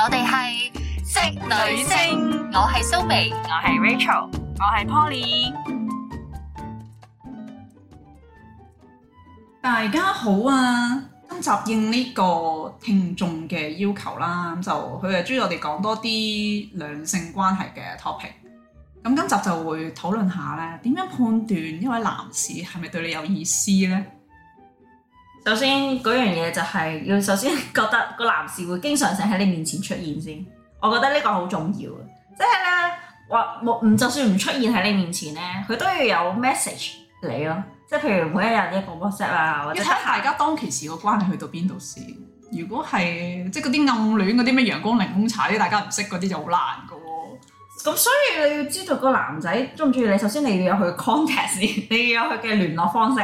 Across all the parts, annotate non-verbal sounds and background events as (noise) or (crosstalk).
我哋係職女聲，女性我係蘇眉，我係 Rachel， (noise) 我係 Poly。大家好啊！今集應呢個聽眾嘅要求啦，咁就佢係中意我哋講多啲兩性關係嘅 topic。咁今集就會討論下咧，點樣判斷呢位男士係咪對你有意思咧？首先嗰樣嘢就係、是、要首先覺得個男士會經常性喺你面前出現先，我覺得呢個好重要啊！即係咧，或冇唔就算唔出現喺你面前咧，佢都要有 message 你咯。即係譬如每一日一個 WhatsApp 啊，或者要睇下大家當其時個關係去到邊度先？如果係即係嗰啲暗戀嗰啲咩陽光檸檬茶啲大家唔識嗰啲就好難噶喎。咁所以你要知道個男仔中唔中意你，首先你要有佢 contact 先，你要有佢嘅聯絡方式。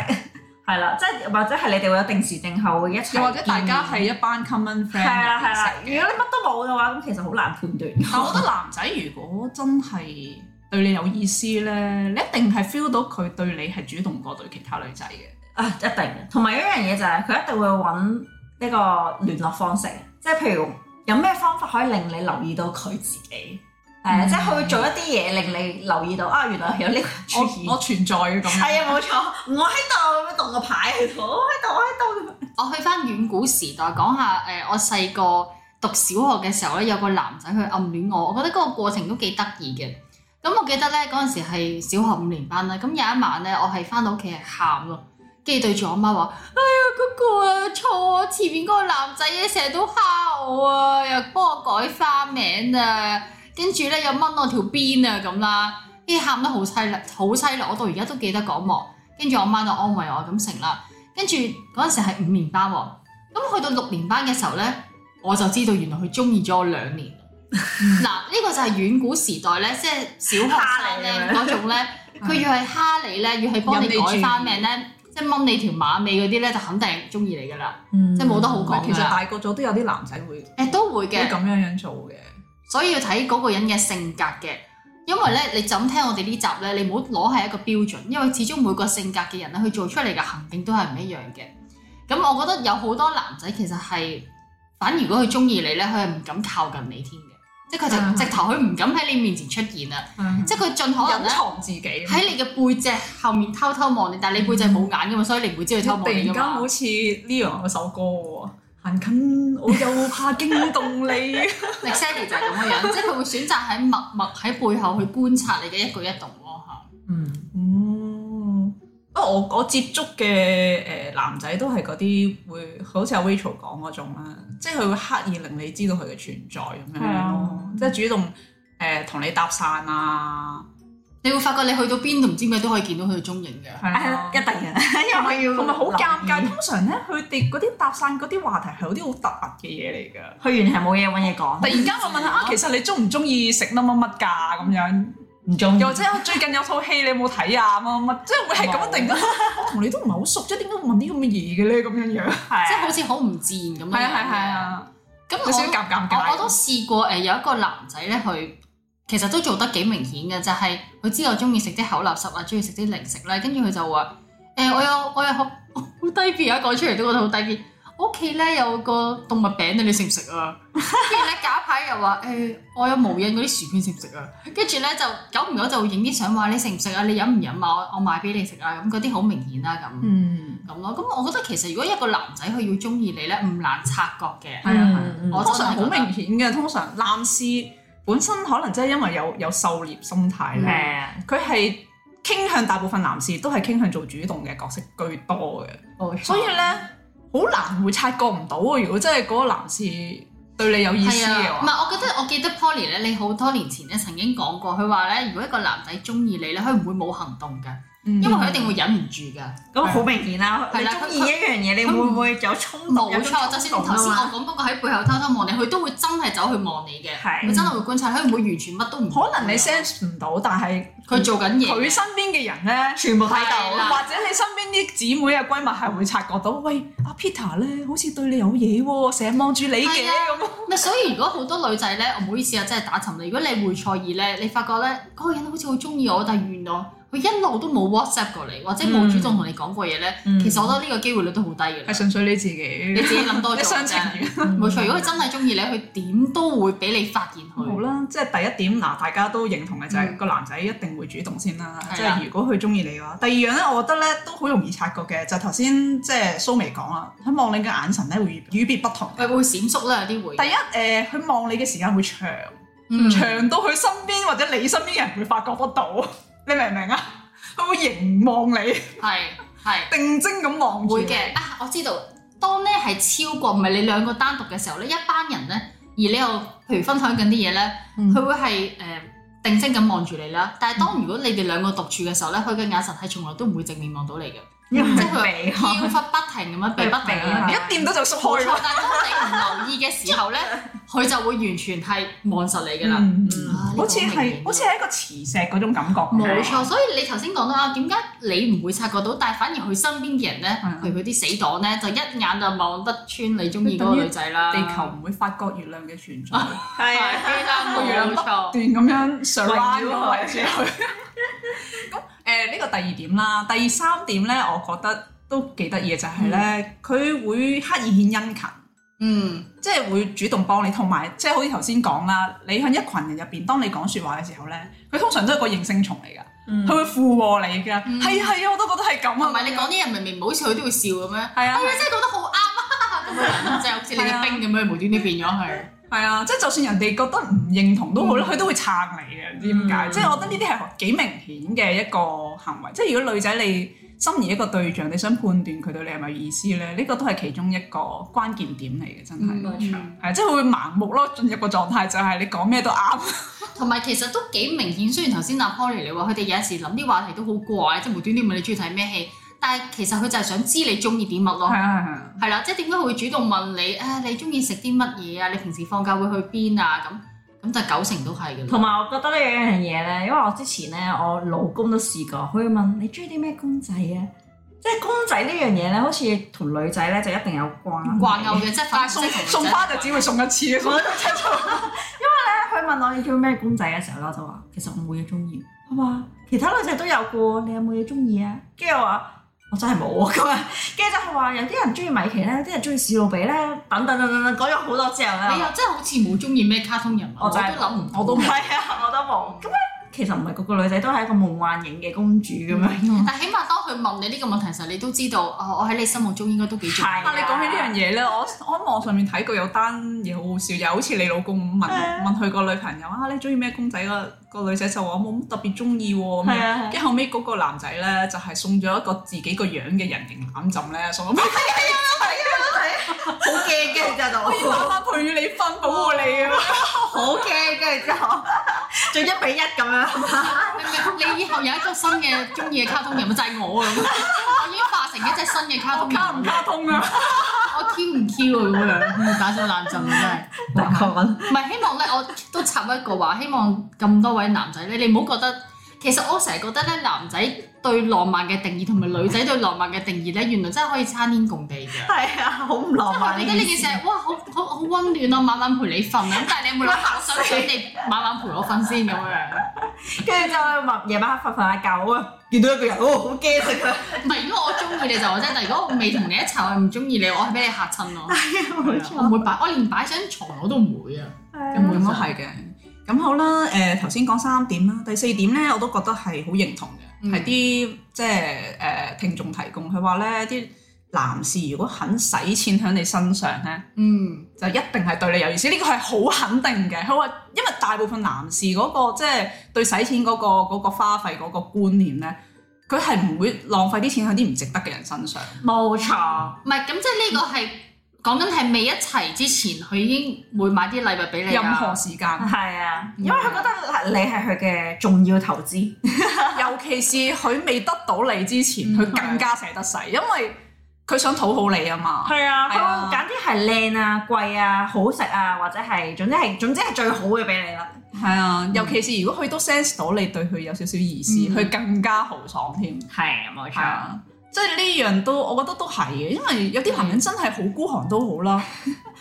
係啦，即係或者係你哋會有定時定候嘅一場，又或者大家係一班 common friend，係啦係啦。如果你乜都冇嘅話，咁其實好難判斷。我覺得男仔如果真係對你有意思咧，你一定係 feel 到佢對你係主動過對其他女仔嘅。啊，一定。同埋一樣嘢就係佢一定會揾呢個聯絡方式，即係譬如有咩方法可以令你留意到佢自己。誒，嗯、即係去做一啲嘢令你留意到、嗯、啊！原來有呢個存我，我存在嘅咁，係 (laughs) 啊，冇錯，我喺度，我動個牌喺度，我喺度，我喺度，我去翻遠古時代講下誒、呃，我細個讀小學嘅時候咧，有個男仔去暗戀我，我覺得嗰個過程都幾得意嘅。咁我記得咧，嗰陣時係小學五年班啦，咁有一晚咧，我係翻到屋企係喊咯，跟住對住我媽話：哎呀，哥、那、哥、個、啊，錯，前面嗰個男仔咧成日都蝦我啊，又幫我改花名啊！跟住咧又掹我條辮啊咁啦，跟住喊得好犀利，好犀利。我到而家都記得嗰幕。跟住我媽就安慰我咁成啦。跟住嗰陣時係五年班喎、啊，咁去到六年班嘅時候咧，我就知道原來佢鍾意咗我兩年。嗱、 (laughs) 啊，呢、這個就係遠古時代咧，即、就、係、是、小學生咧嗰種咧，佢要係蝦你咧，要係幫你改返名咧，即係掹你條馬尾嗰啲咧，就肯定係鍾意你噶啦，嗯、即係冇得好講。其實大個咗都有啲男仔會誒、欸、都會嘅，會咁樣樣做嘅。所以要睇嗰個人嘅性格嘅，因為咧，你就咁聽我哋呢集咧，你唔好攞係一個標準，因為始終每個性格嘅人咧，佢做出嚟嘅行徑都係唔一樣嘅。咁我覺得有好多男仔其實係，反而如果佢中意你咧，佢係唔敢靠近你添嘅，即係佢就直頭佢唔敢喺你面前出現啦，uh huh. 即係佢盡可能隱藏自己，喺你嘅背脊後面偷偷望你，uh huh. 但係你背脊冇眼噶嘛，uh huh. 所以你唔會知佢偷望你噶嘛。突然間好似 Leon 嗰首歌喎。行近，我又怕驚動你。n i x i 就係咁嘅樣， (laughs) 即係佢會選擇喺默默喺背後去觀察你嘅一舉一動咯嚇、嗯。嗯，哦，不過我我接觸嘅誒男仔都係嗰啲會好似阿 Rachel 講嗰種啦，即係佢會刻意令你知道佢嘅存在咁樣咯，嗯、即係主動誒同、呃、你搭訕啊。你會發覺你去到邊都唔知咩都可以見到佢嘅蹤影嘅，係啊，一定啊，因為要同埋好尷尬。通常咧，佢哋嗰啲搭訕嗰啲話題係有啲好特別嘅嘢嚟㗎。去完係冇嘢揾嘢講。突然間我問下啊，其實你中唔中意食乜乜乜㗎咁樣？唔中意。又或者最近有套戲你有冇睇啊？乜乜乜，即係會係咁一定我同你都唔係好熟，即係點解會問啲咁嘅嘢嘅咧？咁樣樣，即係好似好唔自然咁樣。係啊係啊係啊。咁我我都試過誒，有一個男仔咧去。其實都做得幾明顯嘅，就係、是、佢知道中意食啲口垃圾啊，中意食啲零食咧，跟住佢就話誒、欸，我有我有好好低 b 啊，講出嚟都覺得好低 b。屋企咧有個動物餅啊，你食唔食啊？跟住咧假牌又話誒，我有無印嗰啲薯片食唔食啊？跟住咧就久唔久就影啲相話你食唔食啊？你飲唔飲啊？我我買俾你食啦、啊，咁嗰啲好明顯啦、啊，咁咁咯。咁、嗯、我覺得其實如果一個男仔佢要中意你咧，唔難察覺嘅。係、嗯、啊，我、啊啊、通常好明顯嘅，通常暗示。本身可能真係因為有有狩獵心態咧，佢係傾向，大部分男士都係傾向做主動嘅角色居多嘅。冇錯，所以咧好難會察覺唔到。如果真係嗰個男士對你有意思嘅話，唔係，我覺得我記得 Polly 咧，你好多年前咧曾經講過，佢話咧，如果一個男仔中意你咧，佢唔會冇行動嘅。因為佢一定會忍唔住噶，咁好明顯啦。係啦，中意一樣嘢，你會唔會有衝動？冇錯，就算頭先我講，嗰個喺背後偷偷望你，佢都會真係走去望你嘅，係佢真係會觀察？佢唔會完全乜都唔？可能你 sense 唔到，但係佢做緊嘢。佢身邊嘅人咧，全部睇到，或者你身邊啲姊妹啊、閨蜜係會察覺到，喂，阿 Peter 咧，好似對你有嘢喎，成日望住你嘅咁。咪所以，如果好多女仔咧，唔好意思啊，真係打沉你。如果你會錯意咧，你發覺咧，嗰個人好似好中意我，但係原來。佢一路都冇 WhatsApp 過你，或者冇主動同你講過嘢咧。嗯、其實我覺得呢個機會率都好低嘅。係純粹你自己，你自己諗多咗啊！一廂情願。冇錯，如果佢真係鍾意你，佢點 (laughs) 都會俾你發現佢。好啦，即係第一點，嗱大家都認同嘅就係個男仔一定會主動先啦。即係、嗯、如果佢鍾意你嘅話，第二樣咧，我覺得咧都好容易察覺嘅，就頭、係、先即係蘇眉講啦，佢望你嘅眼神咧會與別不同。係會，會閃縮啦，有啲會。第一誒，佢、呃、望你嘅時間會長，長到佢身邊或者你身邊嘅人會發覺得到。你明唔明啊？佢會凝望你，係係定睛咁望住。會嘅啊，我知道。當咧係超過唔係你兩個單獨嘅時候咧，一班人咧，而你又譬如分享緊啲嘢咧，佢、嗯、會係誒、呃、定睛咁望住你啦。但係當如果你哋兩個獨處嘅時候咧，佢嘅、嗯、眼神係從來都唔會正面望到你嘅。即佢飄忽不停咁樣，避不停，一掂到就縮開。但當你唔留意嘅時候咧，佢就會完全係望實你㗎啦。好似係好似係一個磁石嗰種感覺。冇錯，所以你頭先講到啊，點解你唔會察覺到？但反而佢身邊嘅人咧，譬如佢啲死黨咧，就一眼就望得穿你中意嗰個女仔啦。地球唔會發覺月亮嘅存在。係啊，冇錯，不斷咁樣上位之類。誒呢、呃這個第二點啦，第三點咧，我覺得都幾得意嘅就係咧，佢、嗯、會刻意獻殷勤，嗯，即係會主動幫你，同埋即係好似頭先講啦，你向一群人入邊，當你講説話嘅時候咧，佢通常都係個應聲蟲嚟㗎，佢、嗯、會附和你㗎，係係啊，我都覺得係咁啊，唔係你講啲嘢明明唔好笑，佢都會笑嘅咩？係啊、嗯，真係覺得好啱啊，咁嘅人即係好似你嘅兵咁樣，無端端變咗係。係啊，即係就算人哋覺得唔認同都好啦，佢、嗯、都會撐你嘅，知點解？即係、嗯、我覺得呢啲係幾明顯嘅一個行為。即係如果女仔你心儀一個對象，你想判斷佢對你係咪意思咧，呢、呢個都係其中一個關鍵點嚟嘅，真係。唔該長。係啊的、嗯，即係佢會盲目咯，進入個狀態就係你講咩都啱。同埋其實都幾明顯，雖然頭先阿 Poly 你話佢哋有時諗啲話題都好怪，即係無端端問你中意睇咩戲。但係其實佢就係想知你中意啲乜咯，係啦，即係點解會主動問你？誒、啊，你中意食啲乜嘢啊？你平時放假會去邊啊？咁咁就九成都係嘅。同埋我覺得呢一樣嘢咧，因為我之前咧，我老公都試過，佢會問你中意啲咩公仔啊？即係公仔呢樣嘢咧，好似同女仔咧就一定有關掛鈎嘅，即係 (laughs) (laughs) 送送花就只會送一次。 (laughs) (laughs) (laughs) 因為咧，佢問我要叫咩公仔嘅時候咧，我就話其實我冇嘢中意。好嘛？其他女仔都有過，你有冇嘢中意啊？跟住我話。我真係冇啊，啊，跟住就係話，有啲人鍾意米奇呢，有啲人鍾意史努比呢，等等等等等，講咗好多隻啦。你又真係好似冇鍾意咩卡通人物，我都諗唔到，我都係啊，我都冇其實唔係個個女仔都係一個夢幻型嘅公主咁樣，嗯，但起碼當佢問你呢個問題時候，你都知道哦，我喺你心目中應該都幾重要。係啊！你講起呢樣嘢咧，我我喺網上面睇過有單嘢好好笑，又好似你老公問、啊、問佢個女朋友啊，你中意咩公仔咯？嗰個女仔就話我冇乜特別中意喎。係啊！跟、啊、後尾嗰個男仔咧，就係、是、送咗一個自己個樣嘅人形攬枕咧，送。係啊！係啊！係啊！好驚嘅，之後就可以百番陪住你分，分保護你啊！ (laughs) 好驚，跟住之後。就一比一咁樣，係咪？ (laughs) 你以後有一出新嘅鍾意嘅卡通人咪 (laughs) 就係是我啊！ (laughs) 我已經化成一隻新嘅卡通人，卡唔卡通啊！ (laughs) (laughs) 我 Q 唔 Q 啊？咁樣打咗冷震真係，唔係希望咧，我都插一句話，希望咁多位男仔咧，你唔好覺得。其實我成日覺得咧，男仔對浪漫嘅定義同埋女仔對浪漫嘅定義咧，原來真係可以差天共地嘅。係啊，好唔浪漫。你覺得呢件事係哇，好好好温暖咯，晚晚陪你瞓。咁但係你有冇諗過，你哋晚晚陪我瞓先咁樣？ (laughs) 跟住就夜晚黑瞓瞓下覺啊，見到一個人，哇、哦，好驚嚇！唔係， (laughs) 如果我中意你就話啫，但係 (laughs) 如果我未同你一齊，我唔中意你，我係俾你嚇親、哎、我。我唔會擺，我連擺張床 (laughs) (laughs) 我都唔會啊。咁都係嘅。咁好啦，誒頭先講三點啦，第四點咧我都覺得係好認同嘅，係啲即係誒聽眾提供，佢話咧啲男士如果肯使錢喺你身上咧，嗯，就一定係對你有意思，呢個係好肯定嘅。佢話因為大部分男士嗰個即係對使錢嗰個嗰個花費嗰個觀念咧，佢係唔會浪費啲錢喺啲唔值得嘅人身上。冇錯，唔係咁即係呢個係。嗯講緊係未一齊之前，佢已經會買啲禮物俾你。任何時間係啊，因為佢覺得你係佢嘅重要投資， (laughs) 尤其是佢未得到你之前，佢更加捨得使，因為佢想討好你啊嘛。係啊，佢會揀啲係靚啊、貴啊、好食啊，或者係總之係總之係最好嘅俾你啦。係啊，尤其是如果佢都 sense 到你對佢有少少意思，佢、嗯、更加豪爽添。係冇、啊、錯。即係呢樣都，我覺得都係嘅，因為有啲男人真係好孤寒好 (laughs) 都好啦，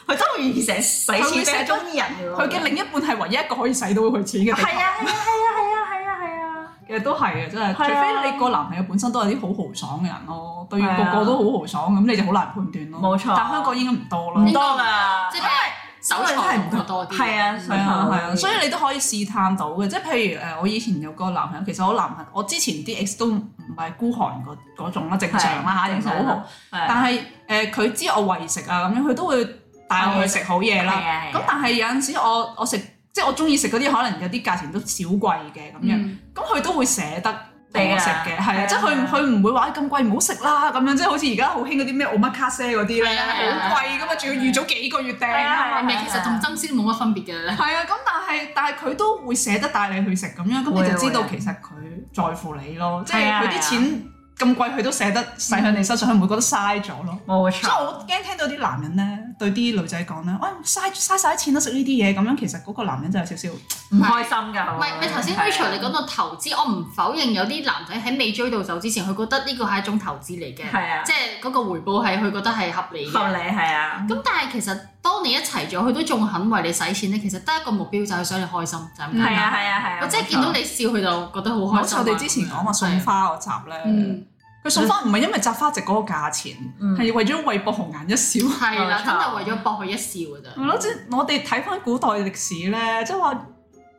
佢都係會成日使錢俾人，佢嘅另一半係唯一一個可以使到佢錢嘅。係啊係啊係啊係啊係啊，啊啊啊啊其實都係嘅，真係，啊、除非你個男朋友本身都係啲好豪爽嘅人咯，對，個個都好豪爽咁，你就好難判斷咯。冇錯、啊，但香港應該唔多咯，唔多㗎，Okay. 手藝係唔夠多啲，係啊係啊係啊，啊，所以你都可以試探到嘅。即係譬如誒，我以前有個男朋友，其實我男朋友我之前啲 ex 都唔係孤寒嗰種啦，正常啦，印象好好。但係誒，佢知我為食啊，咁樣佢都會帶我去食好嘢啦。咁但係有陣時我我食即係我鍾意食嗰啲，可能有啲價錢都小貴嘅咁樣，咁佢、嗯、都會捨得。俾食嘅，係啊，即係佢佢唔會話咁貴唔好食啦咁樣，即係好似而家好興嗰啲咩 Omakase 嗰啲咧，好貴㗎嘛，仲要預早幾個月訂，係啊，其實同爭鮮冇乜分別嘅咧。係啊，咁但係但係佢都會捨得帶你去食咁樣，咁你就知道其實佢在乎你咯，即係佢啲錢。咁貴佢都捨得使喺你身上，佢唔會覺得嘥咗咯。冇錯，所以我驚聽到啲男人咧對啲女仔講咧，啊嘥嘥晒啲錢咯，食呢啲嘢咁樣，其實嗰個男人就有少少唔開心㗎。唔係唔係，頭先 Rachel 你講到、啊、投資，我唔否認有啲男仔喺未追到手之前，佢覺得呢個係一種投資嚟嘅，啊、即係嗰個回報係佢覺得係合理嘅。合理係啊，咁但係其實，當你一齊咗，佢都仲肯為你使錢咧。其實得一個目標就係想你開心，就係咁簡單。係啊係啊係啊！我即係見到你笑，佢就覺得好開心。我哋之前講話送花嗰集咧，佢送花唔係因為摘花值嗰個價錢，係為咗為博紅顏一笑。係啦，真係為咗博佢一笑噶咋。我諗即我哋睇翻古代歷史咧，即係話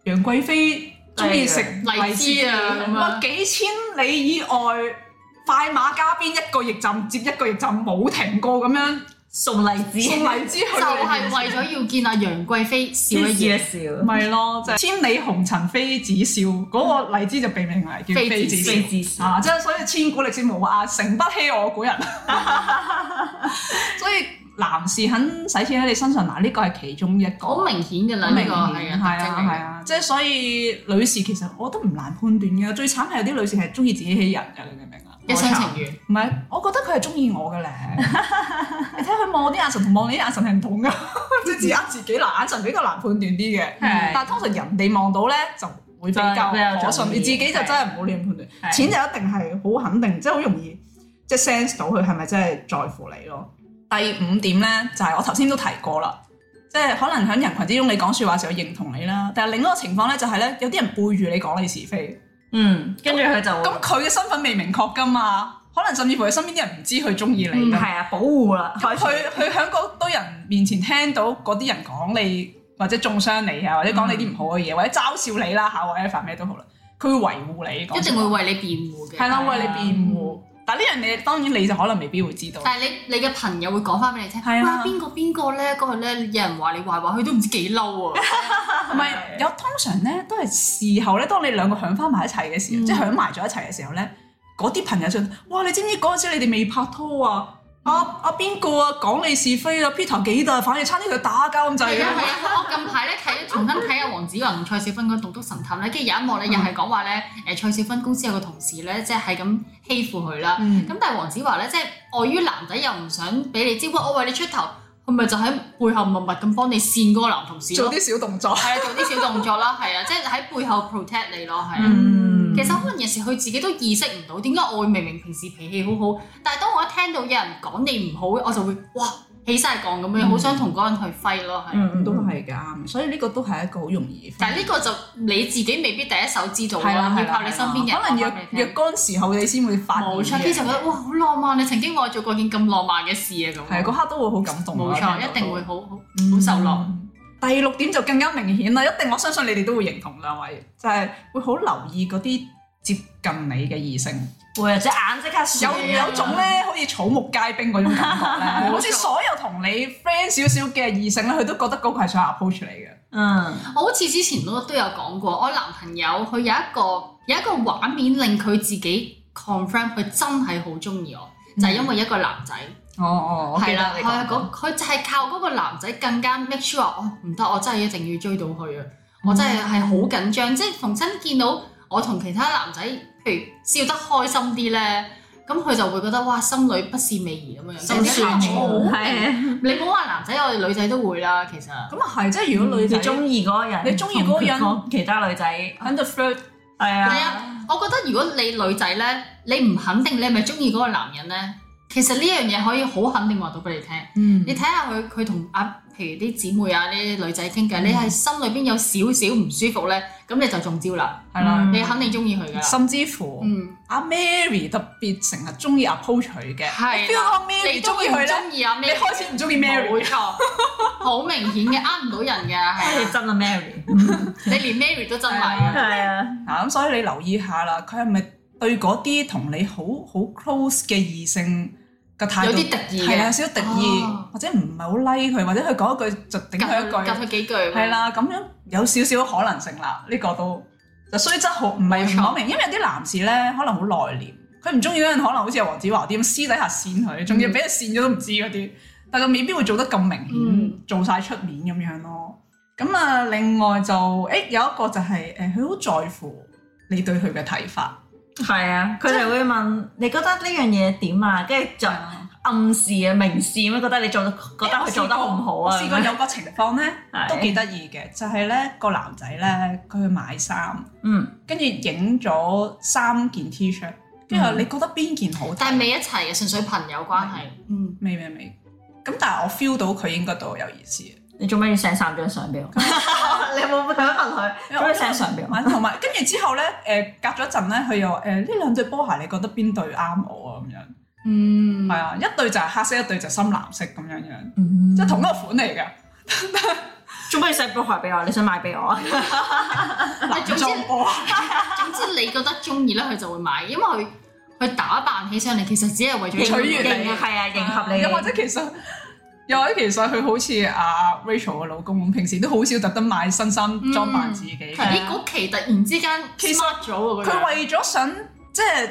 楊貴妃中意食荔枝啊，咁啊幾千里以外快馬加鞭一個驛站接一個驛站，冇停過咁樣。送荔枝，送荔枝就係為咗要見阿楊貴妃笑一笑，笑咪咯，即係千里紅塵妃子笑，嗰個荔枝就被命名的叫妃子笑啊！即係所以千古歷史無話，誠不欺我古人。所以男士肯使錢喺你身上嗱，呢個係其中一個好明顯嘅啦，明個係啊，係啊，即係所以女士其實我都唔難判斷嘅，最慘係有啲女士係中意自己欺人嘅，你明唔明啊？一廂情願，唔係，我覺得佢係鍾意我嘅咧。 (laughs) 你睇下，佢望我啲眼神同望你啲眼神係唔同嘅，即係自呃自己嗱，眼神比較難判斷啲嘅。 (laughs) 嗯、但係通常人哋望到咧就會比較可信，你自己就真係唔好亂判斷。錢的就一定係好肯定，即係好容易即係 sense 到佢係咪真係在乎你咯。的第五點咧就係、是、我頭先都提過啦，即、就、係、是、可能喺人群之中你講説話嘅時候認同你啦，但係另一個情況咧就係咧有啲人背住你講你，你是非。嗯，跟住佢就咁佢嘅身份未明確噶嘛，可能甚至乎佢身邊啲人唔知佢鍾意你，係啊保護啦，佢佢喺咁多人面前聽到嗰啲人講你或者中傷你啊，或者講你啲唔好嘅嘢，或者嘲笑你啦，嚇我一發咩都好啦，佢會維護你，一定會為你辯護嘅，係啦為你辯護，但呢樣嘢當然你就可能未必會知道。但係你你嘅朋友會講翻俾你聽，哇邊個邊個咧過去咧，有人話你壞話，佢都唔知幾嬲啊！唔係是有通常咧，都係事後咧。當你兩個響翻埋一齊嘅時候，嗯、即係響埋咗一齊嘅時候咧，嗰啲朋友就哇！你知唔知嗰陣時你哋未拍拖啊？阿阿邊個啊講你是非啦、啊嗯、？Peter 幾大反而差啲同佢打交咁滯。係啊，我近排咧睇重新睇下黃子華同蔡少芬嗰《棟篤神探》咧，跟住有一幕咧又係講話咧，誒、嗯、蔡少芬公司有個同事咧，即係係咁欺負佢啦。咁、嗯、但係黃子華咧，即係礙於男仔又唔想俾你招呼，我為你出頭。佢咪就喺背後默默咁幫你扇嗰個男同事做啲小， (laughs) 小動作，係啊，做啲小動作啦，係啊，即係喺背後 protect 你咯，係啊。嗯、其實可能有時佢自己都意識唔到，點解我明明平時脾氣好好，但係當我一聽到有人講你唔好，我就會哇～起晒槓咁樣，好想同嗰人去揮咯，係。都係㗎，所以呢個都係一個好容易。但係呢個就你自己未必第一手知道啊，要靠你身邊人。可能若若干時候你先會發現。冇錯，經常覺得哇，好浪漫！你曾經我做過件咁浪漫嘅事啊，咁。係嗰刻都會好感動。冇錯，一定會好好好受落。第六點就更加明顯啦，一定我相信你哋都會認同兩位，就係會好留意嗰啲。接近你嘅異性，會隻、哎、眼即刻有有種咧，嗯、好似草木皆兵嗰種感覺咧， (laughs) 錯好似所有同你 friend 少少嘅異性咧，佢都覺得嗰個係想 approach 嚟嘅。嗯，我好似之前都都有講過，我男朋友佢有一個有一個畫面令佢自己 confirm，佢真係好中意我，嗯、就係因為一個男仔、哦。哦哦，係啦，係啊，佢就係靠嗰個男仔更加 make sure，我唔得，我真係一定要追到佢啊！嗯、我真係係好緊張，即係逢親見到，我同其他男仔，譬如笑得開心啲咧，咁佢就會覺得哇，心裏不是美兒咁樣、嗯、樣，甚至你唔好話男仔，我哋女仔都會啦，其實。咁啊係，即係如果女仔鍾意嗰個人，你鍾意嗰個人，其他女仔喺度 feel。係啊、嗯哎呀。我覺得如果你女仔咧，你唔肯定你係咪鍾意嗰個男人咧，其實呢樣嘢可以好肯定話到俾你聽。嗯。你睇下佢，佢同阿。譬如啲姊妹啊，啲女仔傾偈，你係心裏邊有少少唔舒服咧，咁你就中招啦，係啦，你肯定中意佢噶，甚至乎，嗯，阿 Mary 特別成日中意阿 Paul 佢嘅，係你中意佢中意啦，你開始唔中意 Mary，唔會錯，好明顯嘅，呃唔到人㗎，係真啊 Mary，你連 Mary 都憎埋啊，係啊，嗱咁所以你留意下啦，佢係咪對嗰啲同你好好 close 嘅異性？有啲敵意，係啊，少少敵意，或者唔係好 like 佢，或者佢講一句就頂佢一句，夾佢幾句，係啦的，咁樣有少少可能性啦。呢、這個都就雖則好唔係唔講明，沒錯 因為有啲男士咧可能好內斂，佢唔中意嗰陣可能好似黃子華啲咁私底下扇佢，仲要俾佢扇咗都唔知嗰啲，但係未必會做得咁明顯，嗯、做晒出面咁樣咯。咁啊，另外就誒、欸、有一個就係誒佢好在乎你對佢嘅睇法，係啊，佢就會問 (music) 你覺得呢樣嘢點啊？跟住暗示啊，明示咁、啊、覺得你做，覺得佢做得好唔好啊？我試過有個情況咧， (laughs) 都幾得意嘅，就係、是、咧個男仔咧，佢去買衫，嗯，跟住影咗三件 T-shirt，跟住你覺得邊件好、啊？但係未一齊，純粹朋友關係，嗯，未未未。咁但係我 feel 到佢應該對我有意思啊！你做咩要 send 三張相俾我？ (laughs) (laughs) 你有冇咁樣問佢？咁你 send 相俾我？同埋跟住之後咧，誒、呃，隔咗一陣咧，佢又誒，呢、呃、兩對波鞋你覺得邊對啱我啊？咁樣。嗯，係啊、mm hmm.，一對就係黑色，一對就深藍色咁樣樣，mm hmm. 即係同一個款嚟嘅。做 (laughs) 咩要洗部鞋俾我？你想買俾我？總之，總之你覺得鍾意咧，佢就會買，因為佢佢打扮起上嚟，其實只係為咗取悅你，係啊，迎合你、啊。又或者其實，又或者其實佢好似阿 Rachel 嘅老公咁，平時都好少特登買新衫裝扮自己。咦、嗯？嗰期的突然之間 c u 咗佢為咗想即係。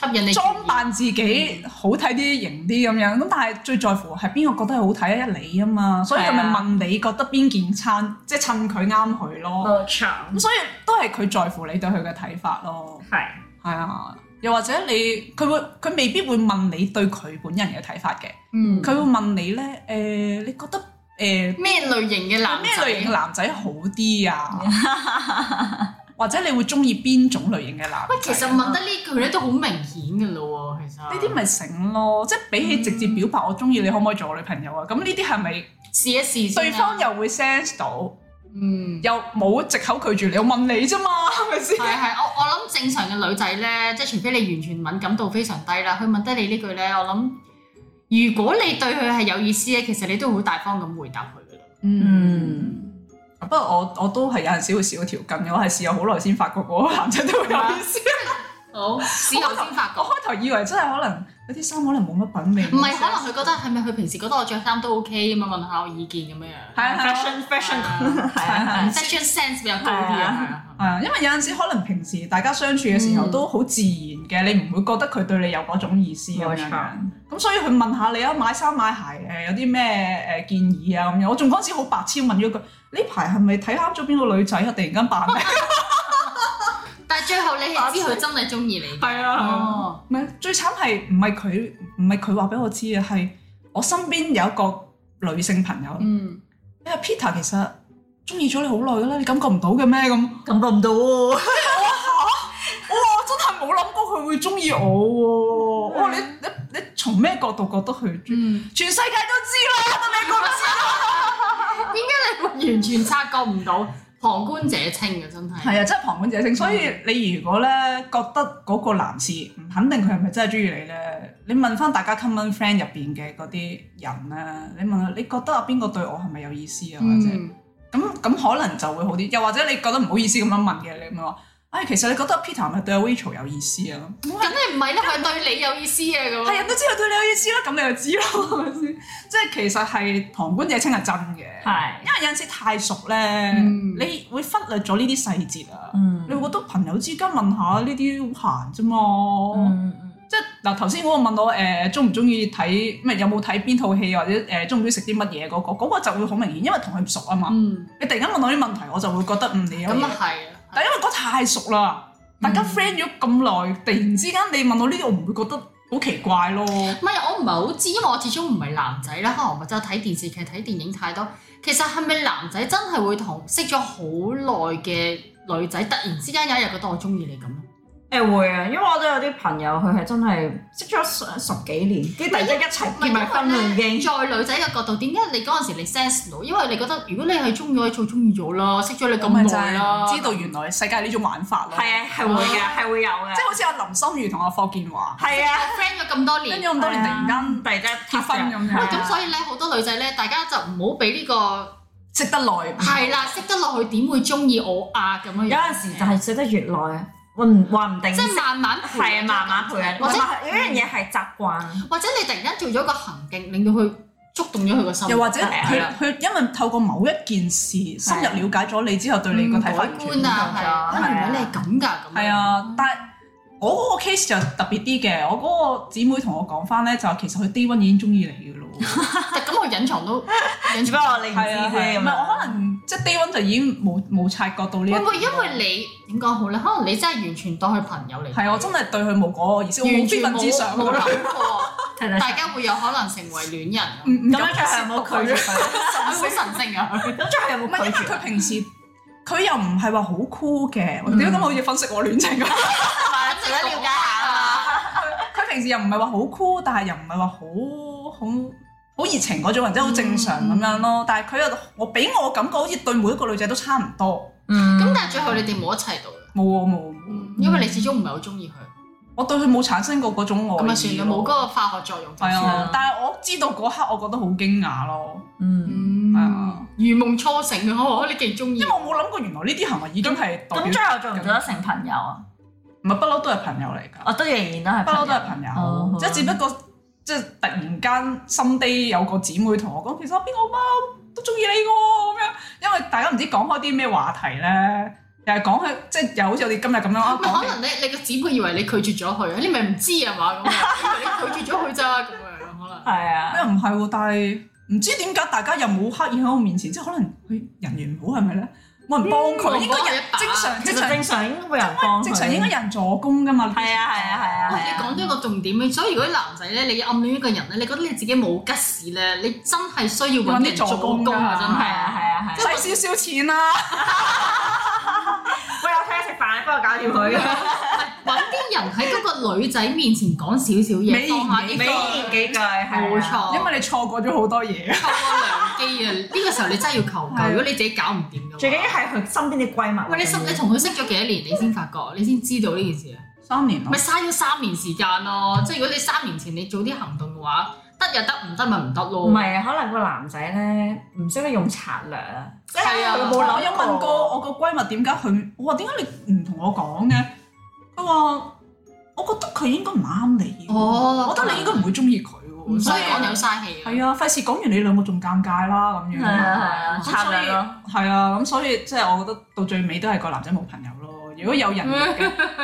吸引你裝扮自己，好睇啲型啲咁樣，咁、嗯嗯、但係最在乎係邊個覺得好睇啊？一、嗯、你啊嘛，所以佢咪問你覺得邊件襯，即係襯佢啱佢咯。咁錯、嗯、所以都係佢在乎你對佢嘅睇法咯。係係是啊，又或者你佢會佢未必會問你對佢本人嘅睇法嘅，佢、嗯、會問你咧誒、呃，你覺得誒咩、呃、類型嘅男咩類型嘅男仔好啲啊？嗯 (laughs) 或者你會中意邊種類型嘅男、啊？喂，其實問得呢句咧都好明顯㗎啦喎，其實呢啲咪醒咯，即係比起直接表白我中意你，嗯、你可唔可以做我女朋友啊？咁呢啲係咪試一試？對方又會 sense 到試試、啊，嗯，又冇藉口拒絕你是是是是，我問你啫嘛，係咪先？係係，我我諗正常嘅女仔咧，即係除非你完全敏感度非常低啦，佢問得你呢句咧，我諗如果你對佢係有意思咧，其實你都好大方咁回答佢嘅咯，嗯。嗯。不過我我都係有陣時會少條筋嘅，我係試咗好耐先發覺個男仔都有意思。好，試咗先發覺，我開頭以為真係可能有啲衫可能冇乜品味，唔係可能佢覺得係咪佢平時覺得我着衫都 OK 咁嘛？問下我意見咁樣樣。係啊，fashion，fashion，係啊，fashion sense 比較高啲啊。係啊，因為有陣時可能平時大家相處嘅時候都好自然嘅，你唔會覺得佢對你有嗰種意思咁樣咁，所以佢問下你啊，買衫買鞋誒，有啲咩誒建議啊咁樣？我仲嗰陣時好白痴問咗佢。呢排係咪睇啱咗邊個女仔啊？突然間扮咩？ (laughs) 但係最後你係知佢真係鍾意你。係啊，唔、哦、最慘係唔係佢唔係佢話俾我知啊？係我身邊有一個女性朋友，嗯，因為 Peter 其實鍾意咗你好耐啦，你感覺唔到嘅咩咁？感覺唔到喎，我、啊、真係冇諗過佢會鍾意我喎、啊嗯，你你你從咩角度覺得佢？嗯、全世界都知啦，你講唔知 (laughs) (laughs) 完全察覺唔到 (laughs) 旁觀者清嘅真係，係啊，真係旁觀者清。所以你如果咧覺得嗰個男士，唔肯定佢係咪真係鍾意你咧？你問翻大家 common friend 入邊嘅嗰啲人咧，你問下你覺得啊，邊個對我係咪有意思啊？或者咁咁、嗯、可能就會好啲。又或者你覺得唔好意思咁樣問嘅，你咪話。哎，其實你覺得 Peter 係咪對 Rachel 有，因為有意思啊？梗係唔係啦，佢係對你有意思嘅。咁。係人都知道對你有意思啦，咁你又知咯，係咪先？即係其實係旁觀者清係真嘅，係係因為有陣時太熟咧，嗯、你會忽略咗呢啲細節啊。嗯、你會覺得朋友之間問下呢啲好閒啫嘛。嗯、即係嗱，頭先嗰個問我誒鍾唔鍾意睇咩，呃、喜喜有冇睇邊套戲或者誒鍾唔鍾意食啲乜嘢嗰個，嗰、嗰個就會好明顯，因為同佢唔熟啊嘛。嗯、你突然間問我啲問題，我就會覺得唔理。咁啊係。嗯但因為嗰太熟啦，大家 friend 咗咁耐，嗯、突然之間你問我呢啲，我唔會覺得好奇怪咯。唔係，我唔係好知，因為我始終唔係男仔啦，可能睇電視劇、睇電影太多。其實係咪男仔真係會同識咗好耐嘅女仔突然之間有一日覺得我鍾意你咁？誒會啊，因為我都有啲朋友，佢係真係識咗十十幾年，跟住突然一齊結埋婚啦已經。在女仔嘅角度，點解你嗰陣時你 sense 到？因為你覺得如果你係中意咗，你做中意咗啦，識咗你咁耐啦，知道原來世界呢種玩法啦。係啊，係會嘅，係會有嘅，即係好似阿林心如同阿霍建華，係啊，friend 咗咁多年，跟咗咁多年突然間突然間結婚咁樣。咁所以咧，好多女仔咧，大家就唔好俾呢個識得耐。係啦，識得落去點會中意我啊？咁樣有陣時就係識得越耐。話唔定，即係慢慢係啊，慢慢培養啊，或者有一樣嘢係習慣，或者你突然間做咗一個行徑，令到佢觸動咗佢個心，又或者佢佢因為透過某一件事深入了解咗你之後，對你個睇法觀啊，係啊，可能如果你係咁㗎，係啊，但係。我嗰個 case 就特別啲嘅，我嗰個姊妹同我講翻咧，就其實佢低 a 已經中意你嘅咯，咁我隱藏都，只不過你唔知啫。唔係我可能即係 d a 就已經冇冇察覺到呢啲。唔會因為你點講好咧？可能你真係完全當佢朋友嚟。係我真係對佢無果而終，完全冇冇諗過，大家會有可能成為戀人。唔唔，再係冇拒絕，神好神聖啊！再係冇拒絕。唔，佢平時佢又唔係話好酷嘅，點解咁好似分析我戀情啊？了解下佢平時又唔係話好酷，但係又唔係話好好好熱情嗰種人，真係好正常咁樣咯。但係佢又，我俾我感覺好似對每一個女仔都差唔多。嗯。咁但係最後你哋冇一齊到嘅。冇冇、嗯。因為你始終唔係好鍾意佢，嗯、我對佢冇產生過嗰種愛。咁咪算咯，冇嗰個化學作用。係啊。但係我知道嗰刻，我覺得好驚訝咯。嗯。係啊。如夢初醒呵、哦！你幾鍾意？因為我冇諗過，原來呢啲行為已經係。咁最後做唔做得成朋友啊？唔係不嬲都係朋友嚟㗎，哦都仍然啦，係不嬲都係朋友，即係、哦、只不過即係、就是、突然間心底有個姊妹同我講，其實邊個媽我都中意你嘅喎，咁樣，因為大家唔知講開啲咩話題咧，又係講佢，即係又好似我哋今日咁樣。可能咧，你個姊妹以為你拒絕咗佢，你咪唔知啊嘛，咁啊，你拒絕咗佢咋咁樣可能。係 (laughs) 啊。咩唔係喎？但係唔知點解大家又冇刻意喺我面前，即係可能佢人緣唔好係咪咧？是冇人幫佢，應該人正常，正常應該有人幫，正常應該有人助攻㗎嘛。係啊、嗯，係啊，係啊。喂，你講咗一個重點，所以如果男仔咧，你暗戀一個人咧，你覺得你自己冇吉士咧，你真係需要揾人助攻㗎，真係。係啊，係啊，係。使少少錢啦。喂，我聽日食飯，你幫我搞掂佢。人喺嗰個女仔面前講少少嘢，美言幾句係冇錯，因為你錯過咗好多嘢。錯過良機啊！呢個時候你真係要求救，如果你自己搞唔掂嘅。最緊要係佢身邊啲閨蜜。喂，你同佢識咗幾多年？你先發覺，你先知道呢件事啊？三年。咪嘥咗三年時間咯！即係如果你三年前你早啲行動嘅話，得又得，唔得咪唔得咯。唔係可能個男仔咧唔識得用策略啊。係啊，佢冇諗過，我有問過我個閨蜜點解佢，我話點解你唔同我講嘅？佢話。我覺得佢應該唔啱你。哦，我覺得你應該唔會鍾意佢喎。所以講有嘥氣。係啊，費事講完你兩個仲尷尬啦咁樣。係啊係啊，差啊，咁所以即係我覺得到最尾都係個男仔冇朋友。如果有人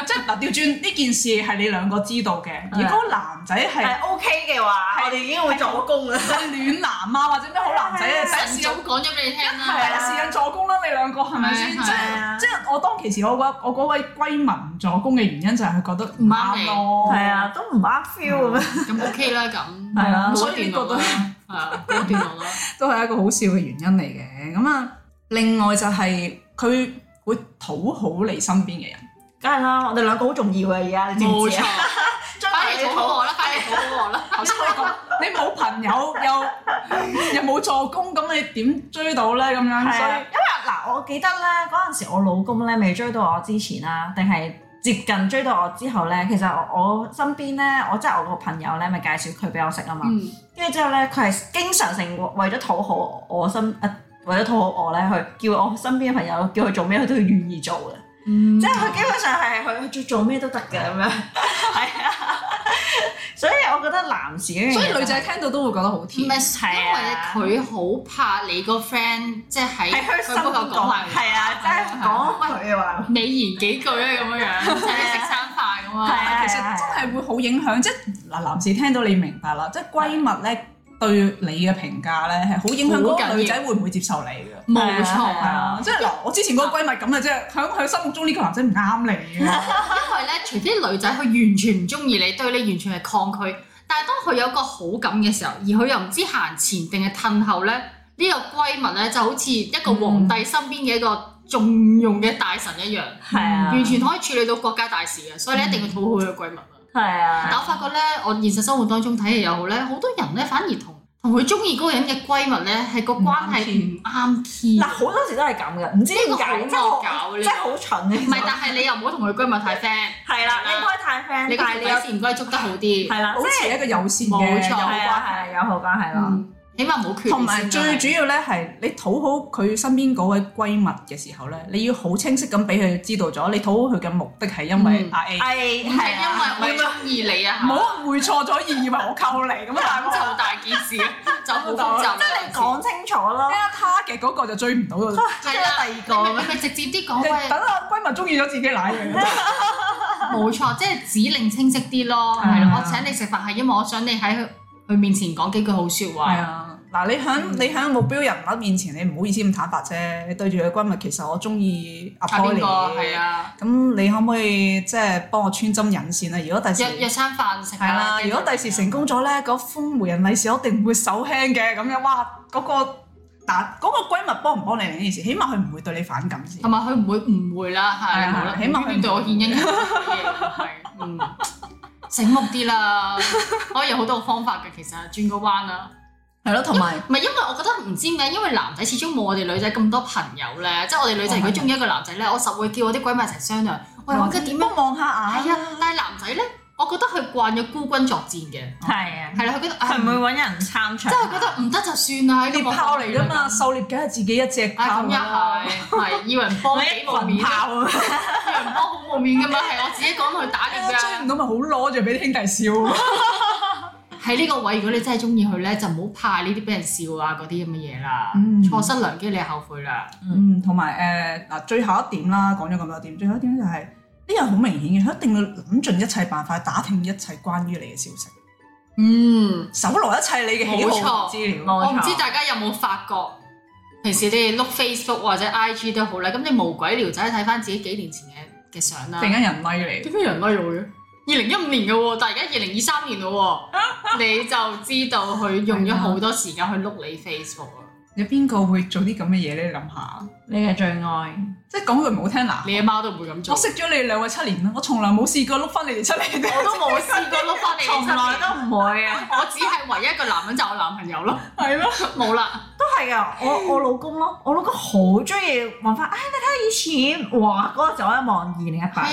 即係嗱，掉轉呢件事係你兩個知道嘅。如果男仔係 OK 嘅話，我哋已經會助攻啦。暖男啊，或者咩好男仔啊，第一時間講咗俾你聽啦。第一時間助攻啦，你兩個係咪先？即係即係我當其時，我嗰我位閨蜜助攻嘅原因就係佢覺得唔啱，係啊，都唔啱 feel 咁 OK 啦，咁係啦，冇電腦得，係啊，冇電腦啦，都係一個好笑嘅原因嚟嘅。咁啊，另外就係佢。會討好你身邊嘅人，梗係啦，我哋兩個好重要嘅，而家你知唔知啊？冇錯，反而 (laughs) 討，好 (laughs) 討好我啦，反而 (laughs) 討好我啦。 (laughs) 頭先你冇朋友又又冇助攻，咁你點追到咧？咁樣，係因為嗱，我記得咧嗰陣時，我老公咧未追到我之前啦，定係接近追到我之後咧，其實我我身邊咧，我即係我個朋友咧，咪介紹佢俾我識啊嘛。跟住、嗯、之後咧，佢係經常性為咗討好我身。為咗討好我咧，去叫我身邊嘅朋友叫佢做咩，佢都要願意做嘅，嗯、即係佢基本上係去做做咩都得嘅咁樣，係啊的。 (laughs) (laughs) 所以我覺得男士，所以女仔聽到都會覺得好甜，係啊。因為佢好怕你個 friend 即係喺佢心口講係啊，即係講乜嘢話？美言幾句啊？咁樣，食餐飯咁啊，其實真係會好影響。即係嗱，男士聽到你明白啦，即係閨蜜咧。的對你嘅評價咧，係好影響嗰個女仔會唔會接受你嘅？冇錯，即係嗱，我之前個閨蜜咁嘅，即係喺佢心目中呢個男仔唔啱你嘅，因為咧，除非女仔佢完全唔中意你，對你完全係抗拒。但係當佢有個好感嘅時候，而佢又唔知行前定係褪後咧，呢個閨蜜咧就好似一個皇帝身邊嘅一個重用嘅大臣一樣，係啊，完全可以處理到國家大事嘅，所以你一定要討好佢嘅閨蜜。係啊，但我發覺咧，我現實生活當中睇嚟又好咧，好多人咧反而同同佢鍾意嗰個人嘅閨蜜咧，係個關係唔啱 key。但好多時都係咁嘅，唔知點搞，即係好蠢嘅。唔係，但係你又唔好同佢閨蜜太 friend 對。係啦吧，唔該太 friend。你但係你有時唔該捉得好啲，係啦，保持一個友善冇友誼關係，友對好關係咯。對嗯起碼冇決。同埋最主要咧係你討好佢身邊嗰位閨蜜嘅時候咧，你要好清晰咁俾佢知道咗，你討好佢嘅目的係因為 A，係因為我中意你啊？唔好會錯咗意以為我媾你咁啊！就大件事，就好複雜，即係你講清楚咯。因為，他嘅嗰個就追唔到咗。第二個。佢直接啲講。等啊，閨蜜中意咗自己奶嘅。冇錯，即係指令清晰啲咯。係我請你食飯係因為我想你喺佢面前講幾句好説話。係啊。嗱，你喺你喺目標人物面前，你唔好意思咁坦白啫。你對住個閨蜜，其實我中意阿壓開啊，咁、啊、你可唔可以即係幫我穿針引線啊？如果第時約約餐飯食，係啦。啊、如果第時成功咗咧，嗰封媒人利是我一定唔會手輕嘅。咁樣哇，嗰、那個但嗰、那個閨蜜幫唔幫你呢件事，起碼佢唔會對你反感先。同埋佢唔會誤會啦，係、啊啊嗯。起碼佢唔會對我獻殷勤。嗯，醒目啲啦，可以有好多方法嘅，其實轉個彎啦。係咯，同埋唔係因為我覺得唔知咩，因為男仔始終冇我哋女仔咁多朋友咧。即係我哋女仔如果中意一個男仔咧，我實會叫我啲閨蜜一齊商量。喂，或者點樣望下眼？係啊。但係男仔咧，我覺得佢慣咗孤軍作戰嘅。係啊。係啦，佢覺得係唔會揾人撐場。即係覺得唔得就算啦，啲炮嚟啫嘛，狩獵梗係自己一隻。係咁又係，係以為人幫幾冇面啊？人唔幫好冇面㗎嘛？係我自己講去打獵嘅啫。追唔到咪好攞著俾啲兄弟笑。喺呢個位，如果你真係鍾意佢咧，就唔好怕呢啲俾人笑啊嗰啲咁嘅嘢啦。嗯，錯失良機你後悔啦。嗯，同埋誒嗱，最後一點啦，講咗咁多點，最後一點就係呢樣好明顯嘅，佢一定要諗盡一切辦法，打聽一切關於你嘅消息。嗯，搜羅一切你嘅喜好資料。我唔知大家有冇發覺，嗯、平時你碌 Facebook 或者 IG 都好啦，咁你無鬼聊仔睇翻自己幾年前嘅嘅相啦，突然間人拉你，點解人拉我嘅？啊啊二零一五年嘅喎，但係而家二零二三年咯， (laughs) 你就知道佢用咗好多時間去碌你 Facebook。有邊個會做啲咁嘅嘢呢？你諗下，你嘅最愛，即係講句唔好聽啦，你阿媽都唔會咁做。我識咗你兩位七年啦，我從來冇試過碌翻你哋出嚟 (laughs) 我都冇試過碌翻你哋出嚟，從來都唔會啊！我只係唯一一個男人就我男朋友咯 (laughs) 嗎，係咯，冇啦，都係啊。我我老公咯，我老公好中意文化，唉，你睇下以前哥，哇，嗰個就一望二零一八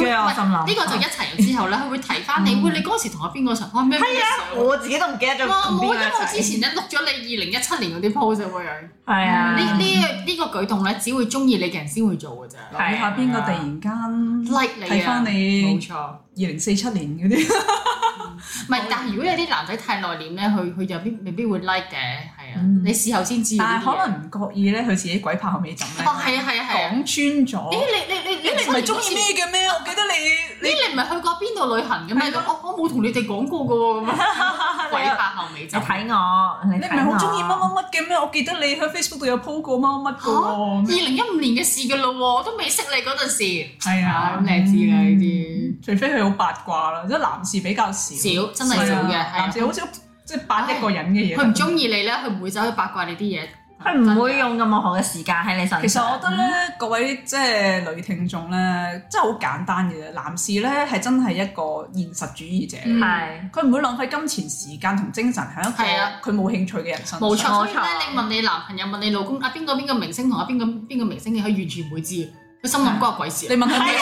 呢個就一齊咗之後咧，佢會提翻你，會你嗰時同我邊個上，開咩嘢？係啊，我自己都唔記得咗同邊個一齊。我因為我之前咧，錄咗你二零一七年嗰啲 post 喎，樣係啊，呢呢呢個舉動咧，只會中意你嘅人先會做㗎啫。睇下邊個突然間 like 你你。冇錯，二零四七年嗰啲。唔係，但係如果有啲男仔太內斂咧，佢佢就未必會 like 嘅。你事後先知，但係可能唔覺意咧，佢自己鬼拍後尾枕咧？哦係啊係啊係，講穿咗。誒你你你，你唔係中意咩嘅咩？我記得你，誒你唔係去過邊度旅行嘅咩？我我冇同你哋講過噶。鬼拍後尾枕？你睇我，你唔係好中意乜乜乜嘅咩？我記得你喺 Facebook 度有 po 過乜乜嘅。二零一五年嘅事㗎咯喎，我都未識你嗰陣時。係啊，咁你知啦呢啲，除非佢好八卦啦，即男士比較少，少真係少嘅，男士好少。即係八卦一個人嘅嘢，佢唔中意你咧，佢唔會走去八卦你啲嘢，佢唔會用咁多嘅時間喺你身上。其實我覺得咧，嗯、各位即係、呃、女聽眾咧，真係好簡單嘅，男士咧係真係一個現實主義者，佢唔、嗯、會浪費金錢、時間同精神喺一個佢冇興趣嘅人身上。冇錯、啊，所以咧，沒錯 你問你男朋友、問你老公啊，邊個邊個明星同啊邊個邊個明星，你可以完全唔會知，佢心諗，關我鬼事。你問佢咩？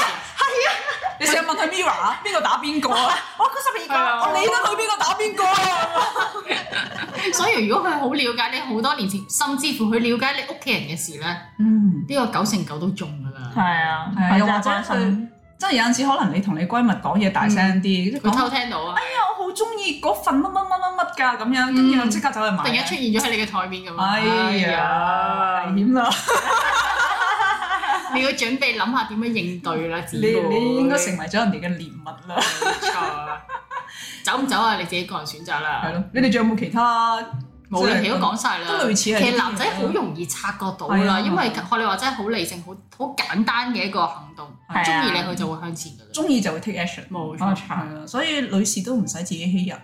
你有問佢 Mira，r o 邊個打邊個啊？我佢十二個，我理得佢邊個打邊個啊！所以如果佢好了解你，好多年前，甚至乎佢了解你屋企人嘅事咧，嗯，呢個九成九都中噶啦。係啊，啊，話擔心，即係有陣時可能你同你閨蜜講嘢大聲啲，佢偷聽到啊！哎呀，我好中意嗰份乜乜乜乜乜㗎咁樣，跟住我即刻走去買，突然間出現咗喺你嘅台面咁啊！哎呀，危險啦！ (laughs) 你要準備諗下點樣應對啦，你你應該成為咗人哋嘅獵物啦，冇錯。走唔走啊？你自己個人選擇啦。係咯。你哋仲有冇其他？無論，即係都講晒啦。都類似。其實男仔好容易察覺到啦，呀因為學你話齋好理性、好好簡單嘅一個行動。係鍾意你，佢就會向前㗎啦。鍾意就會 take action。冇錯。係啊，所以女士都唔使自己欺人。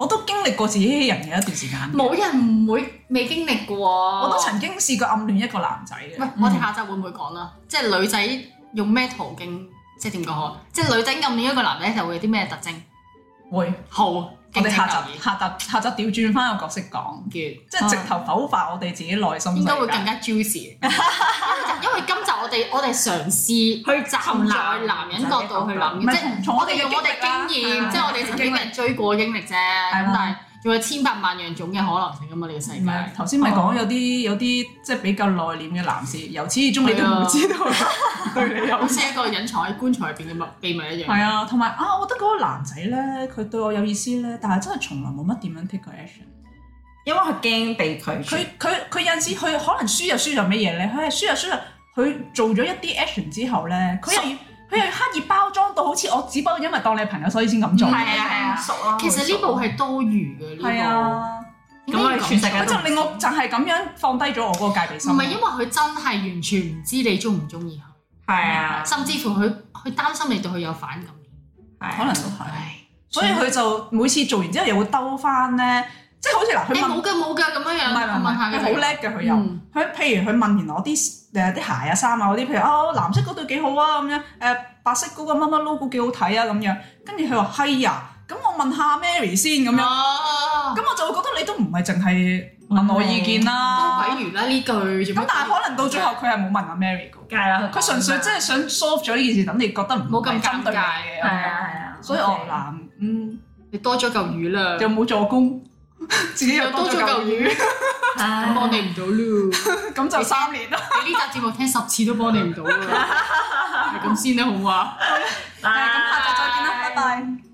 我都經歷過自欺欺人嘅一段時間。冇人唔會未經歷過。我都曾經試過暗戀一個男仔嘅。唔係，我哋下集會唔會講啊？嗯、即係女仔用咩途徑？即係點講？即係女仔暗戀一個男仔就會有啲咩特徵？會喂好。啊。我哋下集下集下集調轉翻個角色講，嗯、即係直頭爆發我哋自己內心世界，應該會更加 juicy。 (laughs) 因為今集我哋我哋嘗試去站在男人角度去諗，即係我哋用我哋經驗，啊、即係我哋曾經嘅追過經歷啫。咁啦但係。仲有千百萬樣種嘅可能性，咁、啊、嘛，你個世界頭先咪講有啲、oh. 有啲即係比較內斂嘅男士，由始至終你都唔知道的，佢你有冇似一個隱藏喺棺材入邊嘅物秘密一樣？係啊，同埋啊，我覺得嗰個男仔咧，佢對我有意思咧，但係真係從來冇乜點樣 take action，因為佢驚被拒。佢佢佢有陣時佢可能輸入輸入乜嘢咧，佢係輸入輸入，佢做咗一啲 action 之後咧，佢又。So 佢又刻意包裝到好似我只不過因為當你係朋友所以先咁做，熟咯。其實呢部係多餘嘅。呢係啊，咁啊全世界就令我就係咁樣放低咗我嗰個戒備心。唔係因為佢真係完全唔知你鍾唔鍾意佢，係啊，甚至乎佢佢擔心你對佢有反感，係可能都係。所以佢就每次做完之後又會兜翻咧，即係好似嗱，佢冇㗎冇㗎咁樣樣，佢問下佢好叻嘅佢又，佢譬如佢問完我啲。誒啲、uh, 鞋啊、衫啊嗰啲，譬如哦，藍色嗰對幾好啊咁樣，誒、呃、白色嗰個乜乜 logo 幾好睇啊咁樣，跟住佢話係呀，咁我問下 Mary 先咁、啊、樣，咁我就會覺得你都唔係淨係問我意見啦。都譬如啦呢句，咁但係可能到最後佢係冇問阿、啊、Mary 噶。係啦，佢純粹真係想 solve 咗呢件事，等你覺得唔好咁尷尬嘅。係啊係啊，啊所以我南，嗯，你多咗嚿魚啦，又冇做工。自己又多咗嚿魚，咁、啊、幫你唔到咯，咁 (laughs) 就三年咯。你呢集節目聽十次都幫你唔到啦，咁先啦，好啊。咁下集再見啦，拜拜。